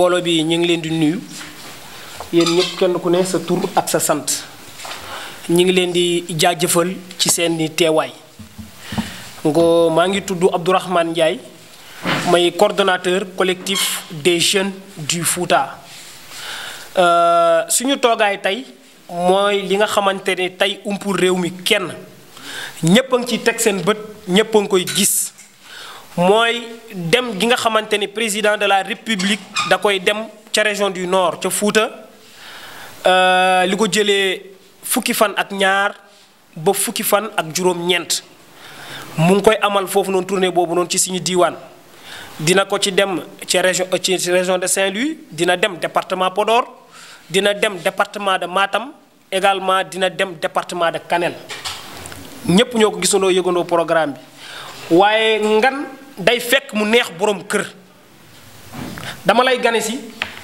mbooloo bi ñu ngi leen di nuyu yéen ñëpp kenn ku ne sa tur ak sa sant ñu ngi leen di jaajëfal ci seeni teewaay ngo maa ngi tudd Abdourahmane Ndiaye may coordonnateur collectif des jeunes du Fouta euh, suñu toogaay tey mooy li nga xamante ne tey umpul réew mi kenn ñépp a ngi ci teg seen bët ñépp koy gis mooy dem gi nga xamante ni président de la république da koy dem ca région du nord ca Fuuta euh, li ko jëlee fukki fan ak ñaar ba fukki fan ak juróom-ñeent mu ngi koy amal foofu noonu tournée boobu noonu ci suñu diiwaan dina ko ci dem euh, ci région région de saint lu dina dem département Podor dina dem département de maatam également dina dem département de Kanel ñépp ñoo ko gisandoo yëgandoo programme bi waaye ngan day fekk mu neex borom kër dama lay gane si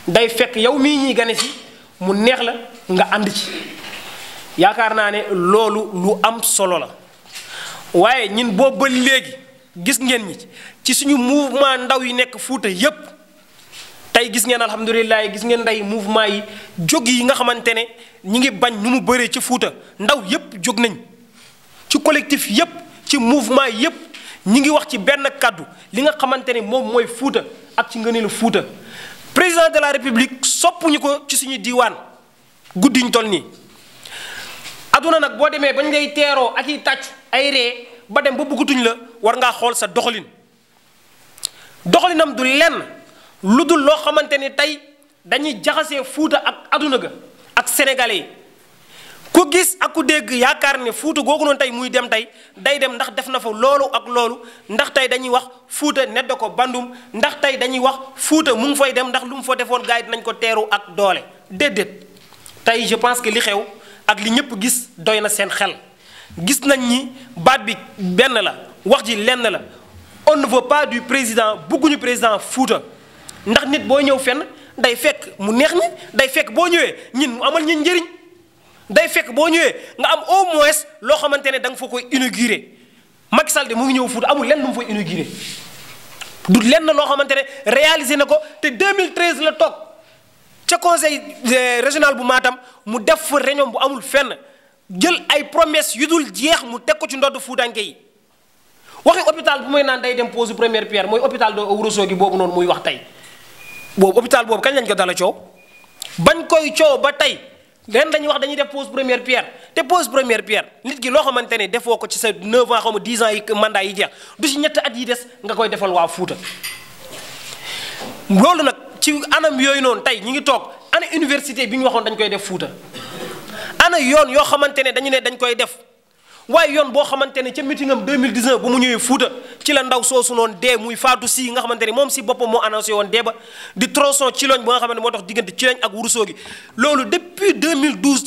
day fekk yow mii ñuy gane si mu neex la nga ànd ci yaakaar naa ne loolu lu am solo la waaye ñun boobu ba léegi gis ngeen ñi ci suñu mouvement ndaw yi nekk fuuta yépp tey gis ngeen alhamdulilah gis ngeen ndey mouvement yi jóg yi nga xamante ne ñi ngi bañ nu mu bëree ci fuuta ndaw yépp jóg nañ ci collectif yépp ci mouvement yépp ñi ngi wax ci benn kàddu li nga xamante ne moom mooy fuuta ak ci ngëneelu fuuta président de la république soppuñu ko ci suñu diiwaan guddi ñu nii. adduna nag boo demee bañ ngay teeroo ak i tàcc ay ree ba dem ba bëggatuñ la war ngaa xool sa doxalin doxalinam du lenn lu dul loo xamante ne tey dañuy jaxasee fuuta ak aduna ga ak sénégalais ku gis ak ku dégg yaakaar ne fuuta googu noonu tey muy dem tey day dem ndax def na fa loolu ak loolu ndax tey dañuy wax fuuta nedd ko bandum ndax tey dañuy wax fuuta mu ngi fay dem ndax lu mu fa defoon gars nañ ko teeru ak doole déedéet tey je pense que li xew ak li ñëpp gis doy na seen xel gis nañ ni baat bi benn la wax ji lenn la on ne veut pas du président bugguñu président fuuta ndax nit boo ñëw fenn day fekk mu neex ñi day fekk boo ñëwee ñin amal ñi njëriñ day fekk boo ñëwee nga am au moins loo xamante ne da nga fa koy inaugurer Macky Sall de mu ngi ñëw Fouta amul lenn lu mu fay inaugurer du lenn loo xamante ne réalisé na ko te 2013 la toog ca conseil euh, régional bu Matam mu def fa réunion bu amul fenn jël ay promesses yu dul jeex mu teg ko ci ndodd fuutanke yi waxi hôpital bu muy naan day dem pose première pierre mooy hôpital de Ourossogui gi boobu noonu muy wax tey boobu hôpital boobu kañ lañ ko dala coow bañ koy coow ba tey. leen dañuy wax dañuy def pose première pierre te pose première pierre nit ki loo xamante ne defoo ko ci sa 9 ans xaw ma 10 ans yi mandat yi jeex du si ñett at yi des nga koy defal waa Fuuta loolu nag ci anam yooyu noonu tey ñu ngi toog ana université bi ñu waxoon dañ koy def Fuuta ana yoon yoo xamante ne dañu ne dañ koy def. waaye yoon boo xamante ne ca meeting am 2019 ba mu ñëwee Fuuta ci la ndaw soosu noonu dee muy faatu si nga xamante ne moom si boppam moo annoncé woon dee ba di tronçon Thilogne ba nga xamante ne moo tax diggante Thilogne ak Ourossogui loolu depuis 2012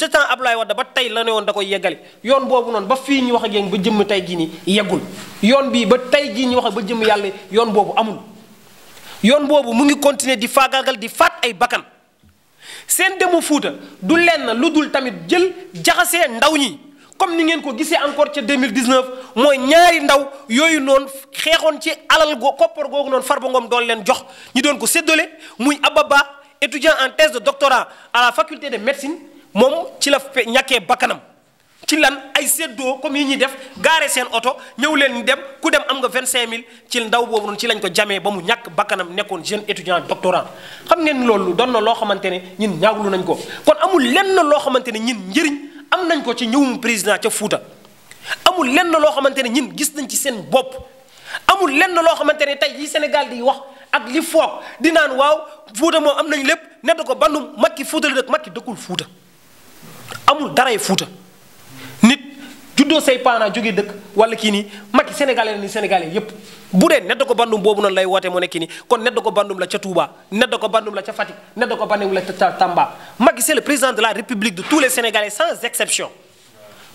ba tey la ne woon da koy yeggali yoon boobu noonu ba fii ñu wax ak yéen ba jëmm tey jii nii yeggul yoon bii ba tey jii ñu wax ba jëmm yàlla yoon boobu amul yoon boobu mu ngi continuer di faagaagal di faat ay bakkan seen demu Fuuta du lenn lu dul tamit jël jaxasee ndaw ñi comme ni ngeen ko gisee encore ca 2019 mooy ñaari ndaw yooyu noonu xeexoon ci alal go koppar googu noonu Farba Ngom doon leen jox ñu doon ko séddale muy Ababa étudiant en thèse de doctorat à la faculté de médecine moom ci la ñàkkee bakkanam ci lan ay seddoo comme yi ñuy def gaare seen oto ñëw leen dem ku dem am nga mille ci ndaw boobu noonu ci lañ ko jamee ba mu ñàkk bakkanam nekkoon jeune étudiant doctorant xam ngeen loolu doon na loo xamante ne ñun ñaawlu nañ ko kon amul lenn loo xamante ne ñun njëriñ. am nañ ko ci ñëwum président ca Fuuta amul lenn loo xamante ne ñun gis nañ ci seen bopp amul lenn loo xamante ne tey yi Sénégal di wax ak li foog di naan waaw Fuuta moom am nañ lépp nedd ko bandum Macky Fuuta la dëkk ki dëkkul Fuuta amul daray Fuuta nit juddoo say paana jóge dëkk wala kii nii Macky sénégalais la ni sénégalais yépp bu dee nedda ko bandum boobu noonu lay woote mu nekk nii kon nedda ko bandum la ca Touba nedda ko bandum la ca Fatick nedda ko bandum la ca Tamba Macky c'est le président de la république de tous les sénégalais sans exception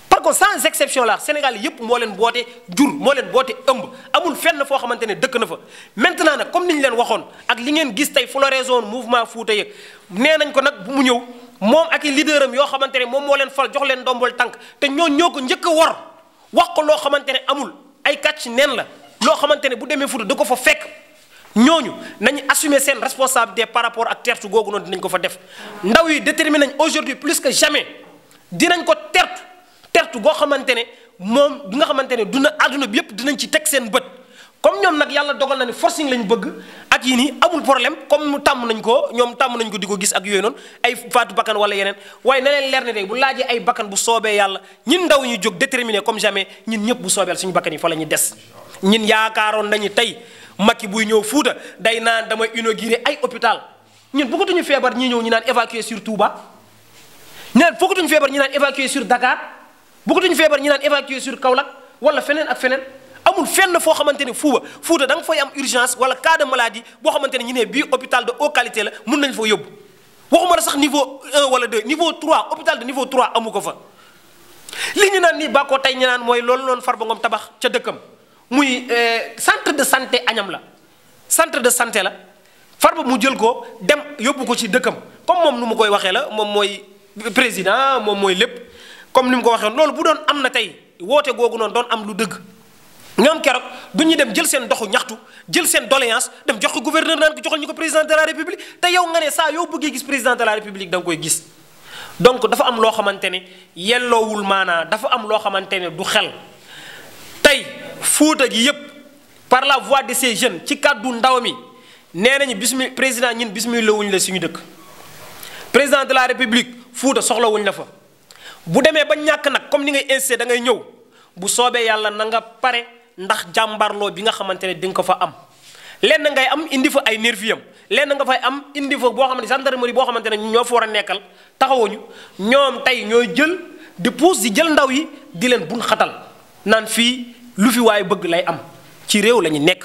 par contre sans exception la sénégalais yépp moo leen boote jur moo leen boote ëmb amul fenn foo xamante ne dëkk na fa maintenant nag comme ni ñu leen waxoon ak li ngeen gis tey floraison mouvement Fouta yëg nee nañ ko nag bu mu ñëw moom ak i leader yoo xamante ne moom moo leen fal jox leen ndombol tànk te ñoo ñoo ko njëkk a war wax ko loo xamante ne amul ay kàcc neen la loo xamante ne bu demee Fuuta da ko fa fekk ñooñu nañu assumer seen responsabilité par rapport ak tertu googu noonu dinañ ko fa def ndaw yi déterminé nañ aujourd'hui plus que jamais dinañ ko tertu tertu goo xamante ne moom bi nga xamante ne duna àdduna bi yëpp dinañ ci teg seen bët comme ñoom nag yàlla dogal na ne forcing lañ bëgg ak yi nii amul problème comme mu tàmm nañ ko ñoom tàmm nañ ko di ko gis ak yooyu noonu ay faatu bakkan wala yeneen waaye na leen leer ne de bu laajee ay bakkan bu soobee yàlla ñun ndaw ñu jóg déterminé comme jamais ñun ñëpp bu soobee suñu bakkan yi fa la ñu des ñin yaakaaroon nañu tey Macky buy ñëw Fuuta day naan damay inaugurer ay hôpital ñun bëggatuñu feebar ñi ñëw ñu naan évacuer sur Touba ñu naan bëggatuñu feebar ñi naan évacuer sur Dakar bëggatuñu feebar ñi naan évacuer sur Kaolack wala feneen ak feneen amul fenn foo xamante ne Fuuba Fuuta da nga am urgence wala cas de maladie boo xamante ne ñu ne bii hôpital de haute qualité la mun nañ fa yóbbu waxuma la sax niveau 1 wala 2 niveau 3 hôpital de niveau trois amu ko fa li ñu naan nii bàkkoo tey ñu mooy loolu noonu Farba Ngom tabax ca dëkkam. muy euh, centre de santé añam la centre de santé la far ba mu jël ko dem yóbbu ko ci dëkkam comme moom nu ma koy waxee la moom mooy président moom mooy lépp comme ni mu ko waxee loolu bu doon am na tey woote googu noonu doon am lu dëgg nga am keroog du ñu dem jël seen doxu ñaxtu jël seen doléance dem jox ko gouverneur naan ko jox ñu ko président de la république te yow nga ne saa yow bëggee gis président de la république da koy gis donc dafa am loo xamante ne yelloowul maanaa dafa am loo xamante ne du xel fuuta gi yëpp par la voix de ces jeunes ci kàddu ndaw mi nee nañu bismi président ñun bismillah wuñ la suñu dëkk président de la république fuuta soxla wuñ la fa bu demee ba ñàkk nag comme ni ngay insisté da ngay ñëw bu soobee yàlla na nga pare ndax jàmbarloo bi nga xamante ne di nga ko fa am lenn ngay am indi fa ay nerviyam lenn nga fay am indi fa boo xam ne gendarmerie boo xamante ne ñoo fa war a nekkal taxawuñu ñoom tey ñooy jël di puus di jël ndaw yi di leen xatal lu fi waay bëgg lay am ci réew la ñu nekk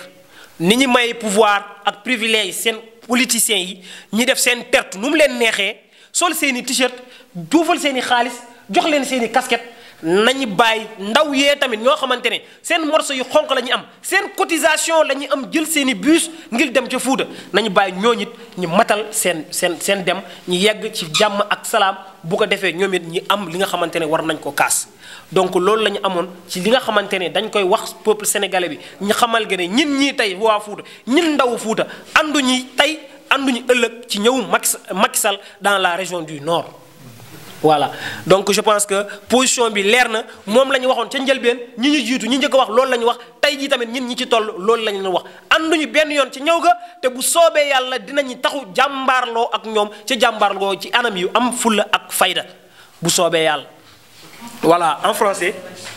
ni ñu may pouvoir ak privilège seen politiciens yi ñi def seen perte nu mu leen neexee sol seen i t-shirt duufal seen i xaalis jox leen seen i casquette nañu bàyyi ndaw yee tamit ñoo xamante ne seen morso yu xonq la ñu am seen cotisation la ñu am jël seen i bus ngir dem ca Fuuta nañu bàyyi ñooñu it ñu matal seen seen seen dem ñu yegg ci jàmm ak salaam bu ko defee ñoom it ñu am li nga xamante ne war nañ ko kaas. donc loolu la ñu amoon ci li nga xamante ne dañ koy wax peuple sénégalais bi ñu xamal que ne ñin ñii tey waa Fuuta ñin ndaw Fuuta andu ñi tey andu ñu ëllëg ci ñëw Macky Sall dans la région du Nord. voilà donc je pense que position bi leer na moom la ñu waxoon ca njëlbeen ñi ñu jiitu ñi njëkk wax loolu la ñu wax tey jii tamit ñun ñi ci toll loolu la wax wax ànduñu benn yoon ci ñëw ga te bu soobee yàlla dinañu taxu jàmbarloo ak ñoom ca jàmbarloo ci anam yu am fulla ak fayda bu soobee yàlla voilà en français